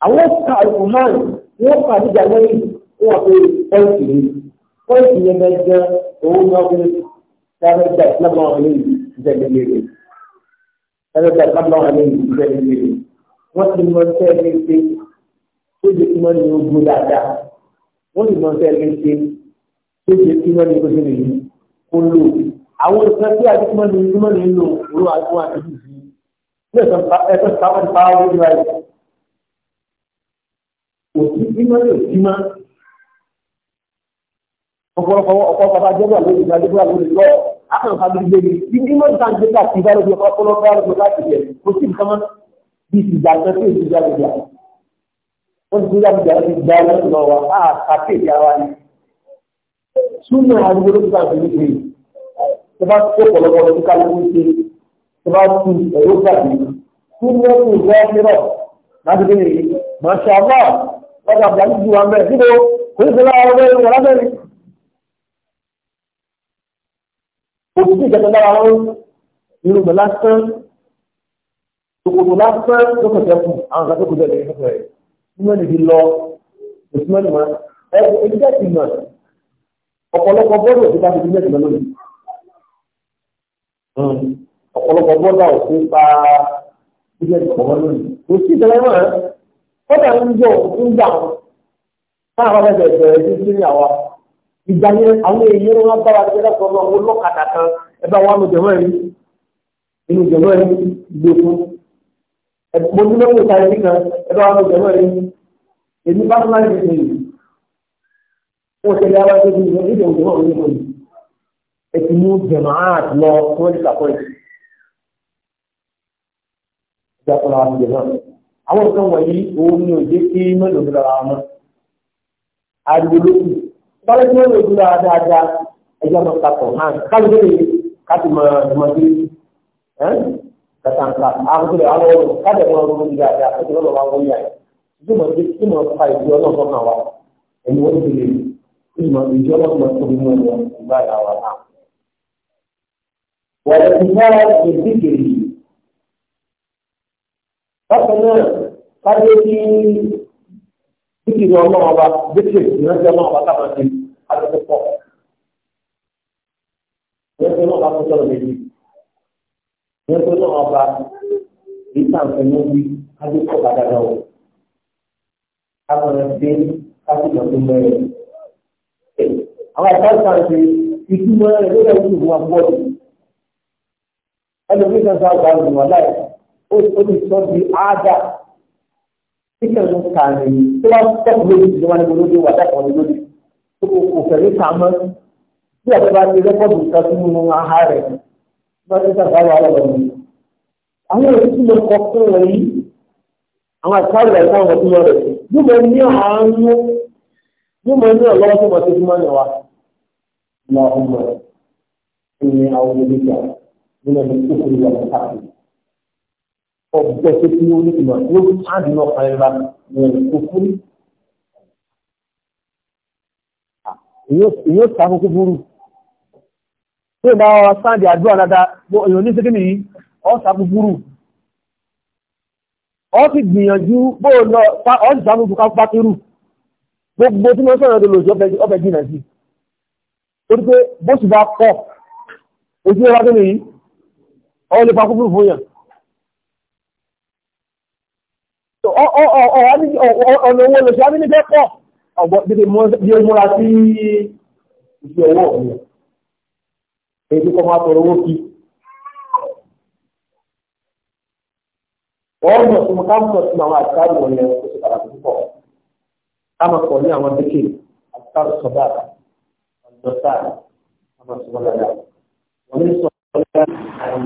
Àwọn ka àlùkùnmáàlì wọ́n kà ní ìjà lẹ́yìn wọ́n fi pọ́ìntì yìí pọ́ìntì yẹn gẹ́gẹ́ òun náà fi dáhà ìjà ìsìláàmù àwọn ilé ìjẹ́gbẹ̀lẹ́ rẹ̀ ẹni tó ká lọ́wọ́ ní ìgbẹ́ ìgbẹ́ rẹ̀ wọ́n ti mọ iṣẹ́ ní ṣe tó lè fi mọ́ ní ogun dáadáa wọ́n ti mọ iṣẹ́ ní ṣe tó lè fi mọ́ ní ogun rẹ̀ kó lò àwọn ìṣẹ́ tí a ti mọ́ ní ìmọ̀ ní lò ló wà tó wà ní ìdí ní ẹ̀sán táwọn ìpàwọ́ ìdíwáyé òsì ìmọ̀ ní òsì máa ọ̀pọ̀lọpọ̀ ọ̀pọ̀ bàbá jẹ́gbà lórí ìgbà jẹ́gbà lórí lọ akọ̀ǹkà lórí gbèrè ibi mọ́ ìta ń gbé káàkiri ìbálòpọ̀ ọ̀pọ̀lọpọ̀ àlùkò láti yẹ kò sí nǹkan mọ́ bí ti gbà tán sí èdè ìjàgbèjà wọ́n ti gbà gbà láti gbà lọ́nà lọ wa á kàkiri ìyá wa ni. súnmọ́ àdúgbò ló ti gbà gbèrè gbèrè tó bá tó ọ̀pọ̀lọpọ̀ tó ká lóko ṣe tó bá tu ẹ̀rọ òkùnkùn ìjẹta lára wọn irúgbìn lásán òkùnkùn lásán ló kàn sẹ́kù àwọn kan tó kù bẹ́ẹ̀ lè fẹ́ fẹ́ ìmọ̀ nìbi lọ ìsúmọ̀ nìwọ̀n ẹ̀kú ẹgbẹ́ ti mọ̀ ọ̀pọ̀lọpọ̀ bọ́ọ̀lù òfin láti fi mẹ́tìmọ́ lónìí hmm. ọ̀pọ̀lọpọ̀ bọ́ọ̀lù òfin pa ilé ìkọ̀mọ́ lónìí kò sí ìtẹ̀lẹ́ mọ́ ẹ́ kọ́tà ń yọ ń gbà táwọn afẹ́fẹ́ bẹ̀rẹ̀ sí sí ní àwa ìgbà àwọn èèyàn ló wọn bára ẹgbẹ́ lọ́sọ̀ ọmọ wọn lọ́kadà kan ẹ bá wọn jọ̀wọ́ rí inú jọ̀wọ́ rí gbé fún mo ní lọ́wọ́ wọn èmi bá tọ́lá tí wọ́n lè dúró dáadáa ẹjọ́ máa ta kọ̀ hàn káàdì lè káàdì máa dùmọ̀dé kàtàǹkà àgùntàn àwọn ọ̀rọ̀ káàdì àwọn ọ̀rọ̀ lórí dáadáa ó ti lọ́nà wà wọ́n yà ẹ̀ dùmọ̀dé tí mo fa ìdí ọlọ́ọ̀kan náà wà ẹni wọ́n ti lè dùmọ̀dé ìdí ọlọ́ọ̀kan tó nínú ẹ̀rọ ìgbà yà wà náà. wọ̀lẹ̀ ti fẹ́ ìdíkèrè bákan náà káàdì tí dìkìrì ọlọ́wọ́ bá dìkìrì ìrántí ọlọ́wọ́ bá káàdì àtúntò pọ̀. Nítorí náà wọ́n sọ̀rọ̀ méjì. Nítorí náà wọ́n bá ìtàǹfẹ̀ mú bí àdúgbò padà náà wò. Káwọn ẹgbẹ́ kásìkò tó mẹ́rin. Àwọn àtàǹfà ń ṣe ìtumọ̀ rẹ̀ lórí ẹ̀kú ìwọ̀n àbúrò. Ẹlòmíì kan sáà gba ìwọ̀n láì. Ó ti sọ di áádà kíkẹ́ ló ń kà ní tí wọ́n tẹ̀kọ́ lórí ìjọba ní olóde wà dákọ̀ lórí. kò fẹ̀mí pamọ́ bí a bá ti rẹ́kọ̀dù kan sínú aha rẹ̀ bá ti sàgbà wà lọ́wọ́ mi. àwọn èyí tí mo kọ fún wọn yìí àwọn àtàwọn ẹ̀ka àwọn ọdún rẹ̀ yóò máa ní àánú yóò máa ní ọ̀lọ́wọ́ tó máa tẹ́tí wà tó yóò ta kókó burú tí ó bá wọ́n sáàdì àdúrà dáadáa èèyàn ní síkí nìyí ọ́ ta kókó burú ọ́ ti gbìyànjú bóò lọ ọ́ ti sáàmù kókó pákírù gbogbo tí wọ́n sọ̀rọ̀ ọdún lòsì ọbẹ̀ jìnà sí torí pé bó sì bá pọ̀ ojú ọba tó nìyí ọ́ lè pa kókó burú fún yàn ọ̀nà owó lòsì abínibẹ́ pọ̀ ọgbọ́n bí ó múra sí iṣẹ́ owó ọ̀gbìn èyí kọ́ máa tọrọ owó kí. wọ́n mọ̀ sí mo ká mọ̀ sí àwọn àtàrí wọn yẹn kó sì pàtàkì púpọ̀ ká máa pọ̀ ní àwọn dékè àtàrí sọ́dà ọ̀dọ́ sáà àwọn sọ́dà dáadáa wọ́n ní sọ ọ̀dọ́ àwọn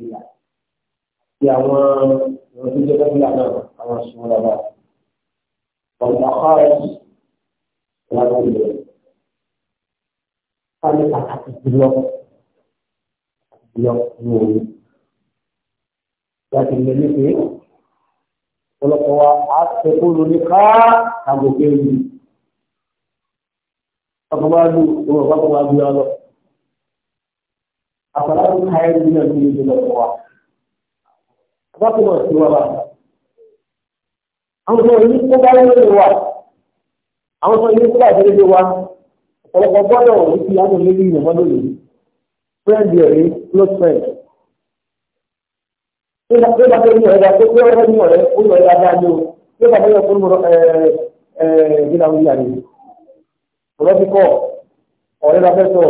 ìyá àti àwọn ìrọ̀lẹ́jọ́ dáadáa náà àwọn sọ́dà dáadáa. والمخارج والعلوم kami akan blok blok nuri jadi ini sih kalau kau as sepuluh nikah kamu kiri aku baru dua aku baru lalu apalagi saya juga dulu dulu kau apa tuh mas dua àwọn sọ yìí kó bá lóde wa àwọn sọ yìí kó bá lóde wa ọ̀pọ̀lọpọ̀ gbọ́dọ̀ òun ti yàtọ̀ lórí ìyàmọ́ lónìí friend yẹn rí close friend bí wọ́n bá fẹ́ ní ọ̀rẹ́ tó fẹ́ ọ̀rẹ́ ní ọ̀rẹ́ ó lọ ẹ̀dá dáa ní o bí wọ́n bá fẹ́ yọ fún ọ̀rọ̀ gíga orí àná ọ̀rọ̀ ti kọ́ ọ̀rẹ́ la fẹ́ sọ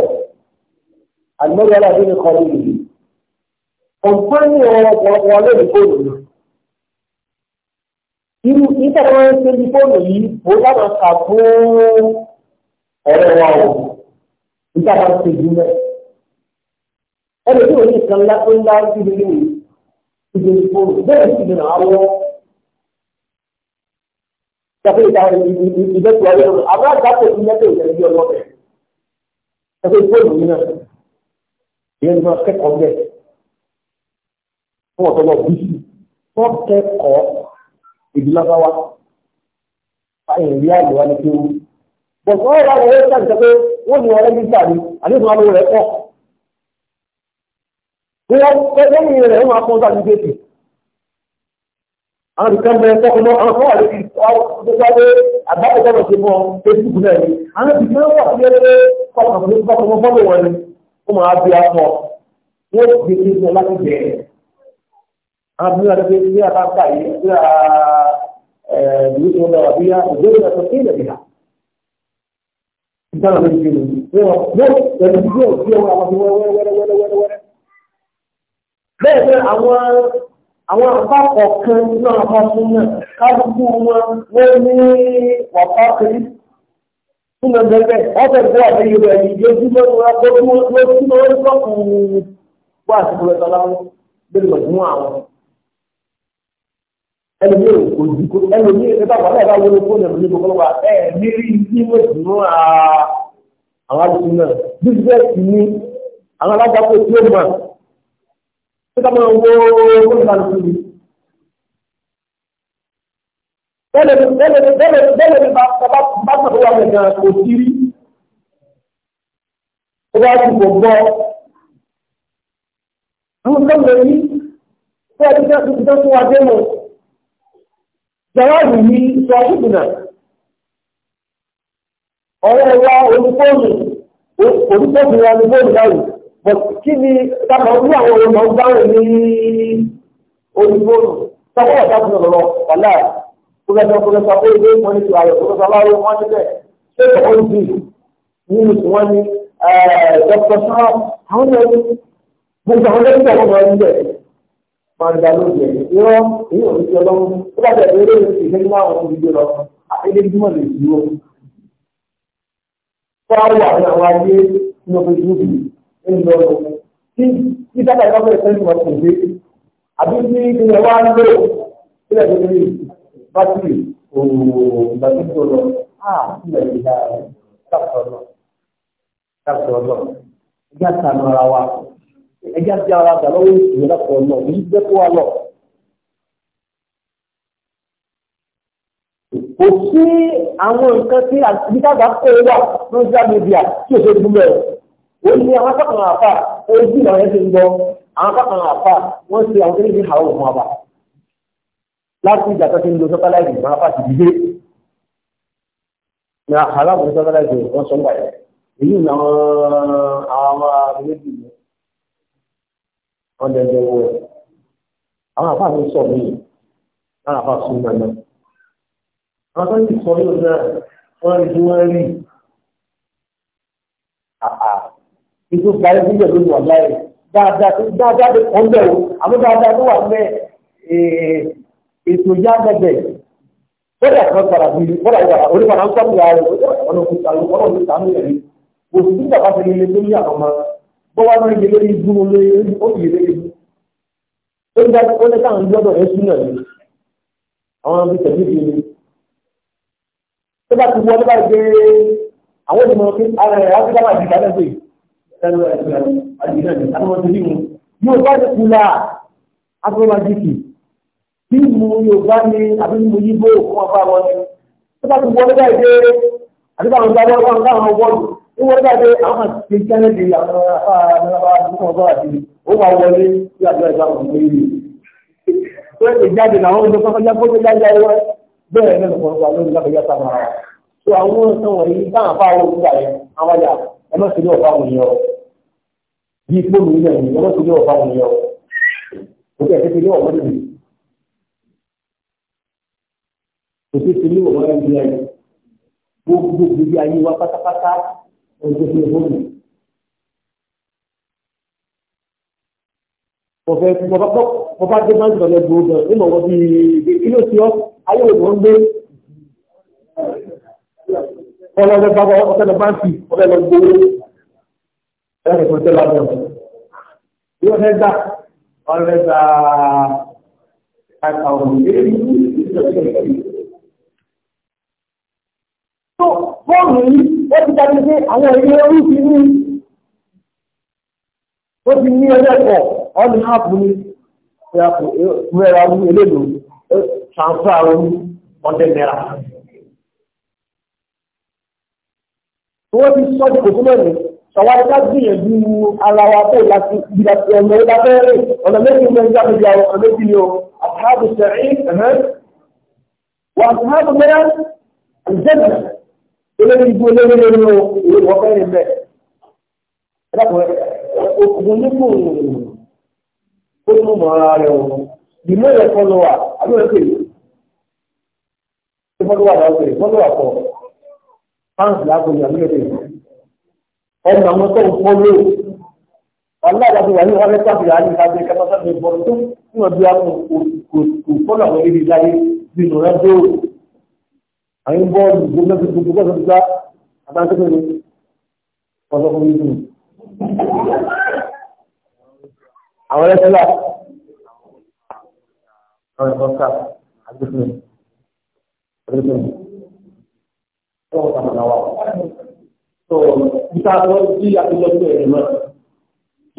àlùmọ́rí aláàbí ni kọ́ lónìí kọ̀ǹpánì ọ̀rọ̀ ọ̀pọ̀lọpọ̀ alẹ́ ìkó lòlù irú iṣẹ́ tí wọ́n ń ṣe ní fóònù yìí ó gbọ́dọ̀ kà fún ọ̀rẹ́ wa o nígbà tó ń ṣe jù lọ. ẹni tí òní kan ńlá tó ń bá sí ilé ìwé ìdè fóònù bẹ́ẹ̀ ní ìdè náà wọ́. Ìjọba ìta ìdè tó ọdún ọdún àwọn àgbàpọ̀ ìdílé tó ìdè bí ọlọ́bẹ̀. Ẹgbẹ́ fóònù yìí náà ìyẹn ni wọ́n kẹ́kọ̀ọ́ bẹ́ẹ̀ fún ọ̀tọ̀ ìdílọ́gbà wa fáyìn ìrí àgbẹ̀ wa ni kí wọ́n. bọ̀sùn ọ̀rọ̀ bá wọlé sáà sọ pé wọ́n ní wọn lẹ́gbẹ̀ẹ́ gbàdé àti ìfún alówó rẹ̀ pọ̀. wọ́n fẹ́ lẹ́yìn rẹ̀ wọ́n máa kọ́ sáà ní gbèsè. àwọn ìkan bẹ̀rẹ̀ tọkọ mọ́ àwọn kan wà lórí ọgbẹ́gbẹ́ àgbáyọ̀gbọ́n ṣe mọ́ Facebook náà ni àwọn ìkan wà sí ẹgbẹ́ kọkànlélọ́kọ̀ fọ́lọ̀ wọn ni wọ́n máa bí akọ wọ́n ti gbé ní ọlá بيوتهم العربية غير الأساسية بها انتهى من الجنون هو موت لأنه بيجوز فيه ولا ولا ولا ولا ولا ولا bẹ́ẹ̀ bẹ́ẹ̀ àwọn àwọn àpapọ̀ kan náà bá tún náà kálukú wọn wọ́n ní wàpá kiri fún ẹgbẹ́ bẹ́ẹ̀ wọ́n fẹ́ gbọ́ àbẹ́yẹ rẹ̀ yìí ojú lọ́nu agbọ́dún ló tún lọ́wọ́ ní kọ́kùn-ún wọ́n àti bùrẹ́sọ̀ láwọn bẹ́ẹ̀ lọ́dún àwọn ẹlòmí ò kò ju kó ẹlòmí ẹgbẹ́ àwọn ẹ̀ka wọlé fóònù ẹ̀mí kò kọ́lọ́wà ẹ̀ mírí ní mọ̀tìmọ́ àwọn àlùkù náà bísíẹ̀sì ní àwọn alágbàpọ̀ tí ó mọ̀ tí ká máa wó olùkàlùkù ni. bẹ́ẹ̀ ni bẹ́ẹ̀ ni bá sọ̀rọ̀ wà lẹ́gàn kò kiri ó bá ti kò gbọ́. àwọn kan lè ní fún ẹni tí wọ́n ti dán fún wa dé mọ̀. Jọ̀wọ́rù ní sọ ìgbìnà. Ọ̀rẹ́ wa olùkóòmù, olùkóòmù wa ní bóòlù báyìí. Bọ̀ kí ni tábà ní àwọn ọmọ gbáwò ní olùkóòmù? Sọ́kọ́ ọ̀tá fún ọ̀rọ̀ ọ̀lá. Kúrẹ́sọ́ kúrẹ́sọ́ pé ilé wọn ní ìwà rẹ̀ kúrẹ́sọ́ láwọ́ wọn níbẹ̀. Ṣé ìtọ́kọ́ ń bì nínú tí wọ́n ní Dr. Sọ́ọ́ àwọn ọmọ ẹni gbogbo àwọn máa gba lóde ẹ̀ irọ́ èyí ò ní ti ọlọ́run tó bá tẹ̀lé eré ìṣẹ́jú máa wọn fi gbé lọ àtẹ́lé bímọ lè dúró. fáwọn àwọn àwọn ayé ní ọkọ̀ ìdúró ń lọ lọ kí kí dábàá ìwà bẹ̀rẹ̀ sẹ́yìn wọn kò dé àbí kí ilẹ̀ wa ń lò ilẹ̀ tó ní bátìrì òòrùn ìgbà tó tó lọ á ilẹ̀ ìdá ẹ̀ dáàbò lọ dáàbò lọ ìgbà tàn ẹja ti ara dà lọ́wọ́ ìṣòro lọ́pọ̀ ọ̀nà èyí jẹ́ kó wa lọ. kò sí àwọn nǹkan tí àbíkàgbà kó wà lọ́síà mídíà tí òṣèlú gbúgbẹ́ rẹ̀ ó ní àwọn akọ́kànlá àfà ojú làwọn ẹ̀sìn ń bọ́ àwọn akọ́kànlá àfà wọ́n ṣe àwọn kékeré àwọn ọmọ àbá láti ìgbà tó ti ń lo sọ́tàláìtì ìgbà àfà ti dìde ní àhàlà àwọn sọ́tàláìtì wọ́n sọ ń ọ̀dẹ̀dẹ̀ wọ̀ àwọn àfa mi sọ mí lára àfa sún nàná àwọn tó ti sọ yóò náà wọ́n rí bí wọ́n rí àà ìtò gbàyè fúnjẹ ló wà láyé dáadáa tó dáadáa bẹ̀ o àmọ́ dáadáa tó wà mẹ́ ètò ìyá gbẹgbẹ bọ́dà kan fara bí bọ́dà ìgbàlá onífàlà ń sọ́kùnrin ààrẹ ọ̀nà òkúta ọ̀nà òkúta ń yẹ̀rí òṣìṣẹ́ ìjàpá ti lè lé lórí àwọn ọmọ bó wá lórí ìgbélé ibú mo lé ó sì lé ibú ó ní dájú ó ní káwọn lọ́dọ̀ ẹ̀ sún náà ni àwọn ọmọ ìtẹ̀ níbi ni tó bá ti wọ tó bá gbé àwọn ìmọ̀ pé ara ẹ̀ áfíríkà máa dìgbà lẹ́sẹ̀ ẹnu ẹ̀sìn yóò bá ti kú láà tí mo yóò bá ní àbí mo yí bó fún ọba wọn tó bá ti wọ tó bá gbé àdìgbà wọn gbá wọn káwọn wọ́ọ̀dù ó wọ́n dáadé àwọn àti kẹ́lẹ́dì àwọn ọmọ àti ó wà wọlé sí àjọ ìgbà wọn ní ìlú tó ẹ̀ jáde làwọn ọmọ kọ́kọ́ jágbó tó jáde ẹwọ́ bẹ́ẹ̀ náà lọ́pọ̀ wà lórí lábẹ́ yàtà máa rà so àwọn ọ̀sán wọ̀nyí táwọn afá owó nígbà yẹn àwọn yà ẹ má sílé ọ̀fà wọn yọ bí ipò mi yẹn ni ẹ má sílé ọ̀fà wọn yọ kò tẹ̀ sílé ọ̀wọ́ nìyí kò sí sílé ọ̀wọ́ nìyí gbogbo gbogbo ayé wa pátápátá ojú fi fóònù. mo fẹ́ mo bá dé báńkì lọ́lẹ́ gbòó gan ní mọ̀wọ́ bí kí ló ti ọ́ ayé òun ń gbé ọlọ́lẹ́ bábọ́ ọ̀tẹ́ lọ báńkì ọ̀tẹ́ lọ gbòó ẹ̀rẹ̀ kan tẹ́lá bẹ̀rẹ̀ yóò fẹ́ gbà ọ̀rẹ́ gbà àìkà òun tó fóònù yìí ó ti dájú pé àwọn ìwé orí ti ní ó ti ní ẹlẹ́kọ̀ọ́ ọdún áàpù ní ìrẹ́ra ní eléèlò transfer àwọn ọdẹ náírà. wọ́n ti sọ ìkòkò mẹ́rin sọ̀wárí ká gbìyànjú ara wa pé láti ìgbìyànjú ọmọ ìgbà fẹ́rẹ̀ ọ̀nà méjì ní ẹgbẹ́ àbẹ̀bí àwọn ọ̀nà méjì ni ó àtàbù sẹ̀rí ẹ̀hẹ́ wà àtàbù mẹ́rin àjẹ́bẹ̀rẹ̀ olórí ibu olórí lórí o ìwé wọn fẹ́ rìn bẹ́ẹ̀ ẹlẹ́kùnrin òkùnkùn nípò ó tún mọ ara rẹ o ìlú rẹ fọlọ wà àbí wọn kéde ṣé fọlọ wà náà kéde fọlọ wà pọ fáǹsì láàbò ní àbí wọn kéde ọmọ àwọn tó ń fọlọ aláàbàtò wà ní wọn lẹ́tọ́ àbúrò àti ìfàgbé kẹfà sábẹ́ bọ́ọ̀lù tó ń wọ́n bí wọn kò fọlọ àwọn ibi láyé bí nù rẹ dóòlù àyìn bọ́ọ̀lù gbogbo gbogbo gbogbo gbogbo àtàkùn ní ọ̀sọ̀kùn ní ìlú. àwọn ẹlẹ́sẹ̀lá àwọn ẹ̀fọ́sà àgbẹ̀fẹ̀ àgbẹ̀fẹ̀ ọ̀sọ̀kùn tàbí àwọn tó níta lọ sí àtijọ́ tó ẹ̀rẹ̀ mọ́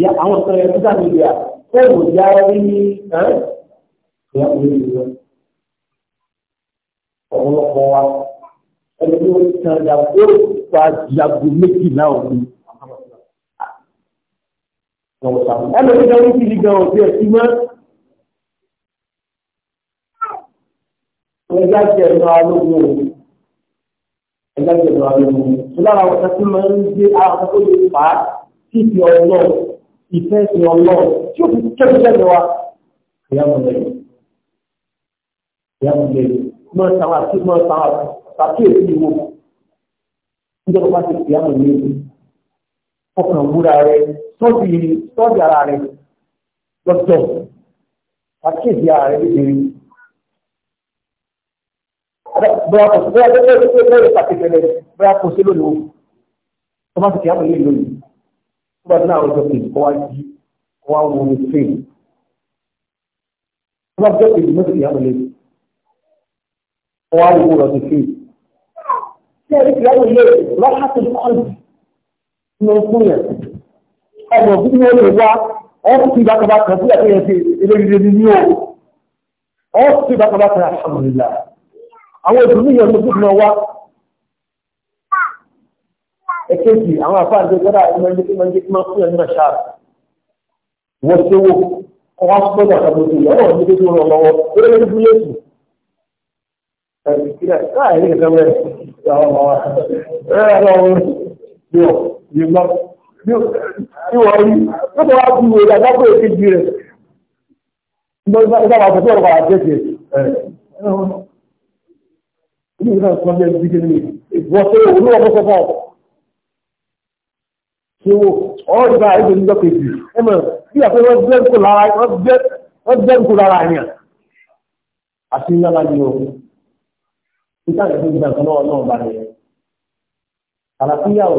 ya àwọn sọ̀rọ̀ ẹ̀ títà níbi à fóònù yára rí ní ẹ̀ ẹ̀ ẹ̀ ọ̀pọ̀lọpọ̀ wa ẹni tó ń tan yàgò pa yàgò méjì náà òbí. ẹni tó dáwọ́ sí ní gan òbí ẹ̀ sí mọ́. ẹja jẹ ẹnu alógún o ẹja jẹ ẹnu alógún o lára àwọn ẹsẹ máa ń gbé àwọn lè fà á títí ọlọ́ọ̀ ìfẹ́ sí ọlọ́ọ̀ tí ó fi kẹ́kẹ́ lọ wa ìyá mọ̀ lẹ́yìn ìyá mọ̀ lẹ́yìn mọ́ sáwọn àti mọ́ sáwọn àkíyèsí ìwò níjọba bá ti fi àmì léwu ọkàn wúra rẹ tọ́jú tọ́jú ara rẹ lọ́jọ́ àkíyèsí ara rẹ lédèrè. bóyá kò bóyá tó tó tó tó pàtẹ́kẹ́ rẹ bóyá kò sí lónìí o tó bá ti fi àmì léwu lónìí tó bá dúnà àwọn ọjọ́ kejì kó wá jí kó wá wọ fèèrè tó bá jẹ́ kejì mọ́tò fi àmì léwu. وأول وظيفي ذلك يقول ليه راحة القلب من الدنيا أما بدنا نرجع أختي بقى بقى كفية كده في إلى الدنيا أختي بقى بقى الحمد لله أول الدنيا نقول نوا أكيد أما فارد كده من ذيك من ذيك ما فيه من شعر وسوق قاصد ولا كبوتي أو من ذيك ولا الله ولا كبوتي káàkiri kẹta wẹ àwọn ọmọ wa ẹ ẹ lọ wọn yọ yìí mọ bí wọn rí wọn bá wà bí wọn dàgbà pé èké jí rẹ ní ọjọ́ ìgbà wà fún ọ̀rọ̀ àti ẹ̀jẹ̀ ẹ ẹ wọn ní ìgbà tó ń bẹ ẹbí kéde ní ìwọ́n tó wọ́n wọ́n fọ́ fọ́ ṣé wo ọ̀rọ̀ ìgbà àìsàn níjọ́ kejì ẹ mọ̀ títà rẹ̀ fún ìgbàgbọ́ lọ́wọ́ náà bá rẹ̀. Àlàáfíà ò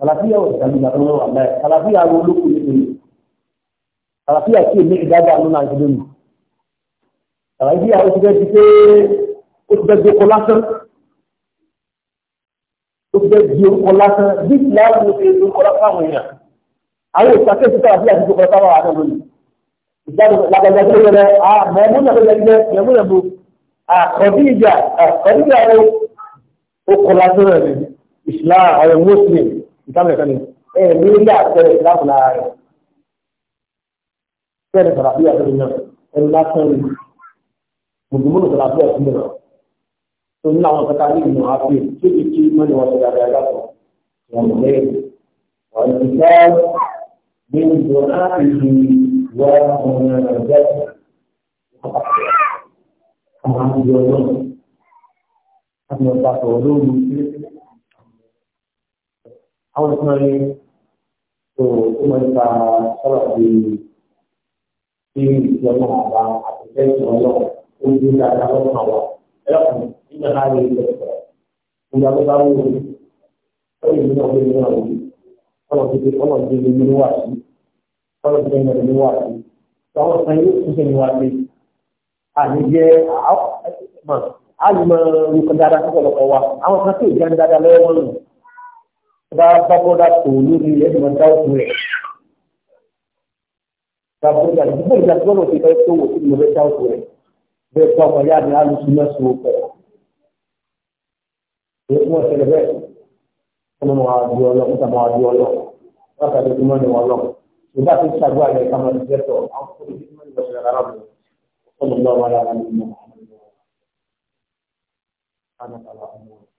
àlàáfíà ò tàbí ìgbàgbọ́ lọ́wọ́ àlá ẹ̀. Àlàáfíà ro olókùn nítorí. Àlàáfíà tí èmi ìdájọ́ àánú náà ti lónìí. Àlàáfíà ó ti fẹ́ di pé ó ti fẹ́ di oko lásán. Ó ti fẹ́ di oko lásán. Bí ìlà ó ti di oko lásán àwọn èèyàn. Àwọn ìpàkẹ́ ti tàbí àti lásán àwọn àdá lónìí. Ìjáde Khadija Khadija rẹ̀ ó kọ lásán rẹ̀ ní Islam ọ̀rẹ́ Muslim ìtàmì ẹ̀ka ni ẹ̀ ní ilé àpẹẹrẹ Islam lára rẹ̀. Bẹ́ẹ̀ni Sàràbí àtẹ̀lé náà ẹni lásán rẹ̀ mùsùlùmí Sàràbí àtẹ̀lé náà. Tó ní àwọn kata ní ìmọ̀ àti tí kì í kí mọ́ni wọn ṣẹlẹ̀ àgbà yàtọ̀ wọn lè wọ́n ti fẹ́ bí ìdùnnú àti ìwọ̀n ọ̀nà àwọn àwùjọ ọlọ́run àti ọ̀pá sọ̀rọ̀ lóru àwọn ìfúnra rẹ̀ tó ó máa ń ta sọ̀rọ̀ sí sí ìjọba àbá àtẹ̀tẹ̀ ìjọba ó ń gbé dáadáa lọ́wọ́ àwọn ẹlẹ́kùn nígbà náà lè lọ sọ̀rọ̀ ìgbà tó bá wù ú ó lè ní ọ̀gbẹ́ ìlú àwọn ọ̀rọ̀ tó ti ọ̀rọ̀ tó ti ní wá sí ọ̀rọ̀ tó ti ní wá sí àwọn ìfúnra yóò tún ṣe ní wá sí àníjẹ́ àlùmọ̀ nǹkan dáadáa sọ́kọ̀lọ́kọ̀ wa àwọn kan tó ìjà ń dáadáa lọ́wọ́ wọn nù bá bábọ́dà tó lórí ẹni máa dá òkú rẹ̀ bábọ́dà ìdúgbò ìjà tó lọ́wọ́ ti fẹ́ tó wò sí ìlú bẹ́ẹ̀ dá òkú rẹ̀ bẹ́ẹ̀ tó ọmọ yára ní alùpùpù náà sọ pẹ̀ èyí wọ́n ṣẹlẹ̀ bẹ́ẹ̀ ọmọ mọ̀ àdúrà ọlọ́ níta mọ̀ àdúrà ọlọ́ wọ́n ṣàdéjúmọ́ ni wọ́n lọ ìgbà tó ṣàdúrà yẹ ká máa ti jẹ́ tọ̀ àwọn kò صلى الله على نبينا محمد وعلى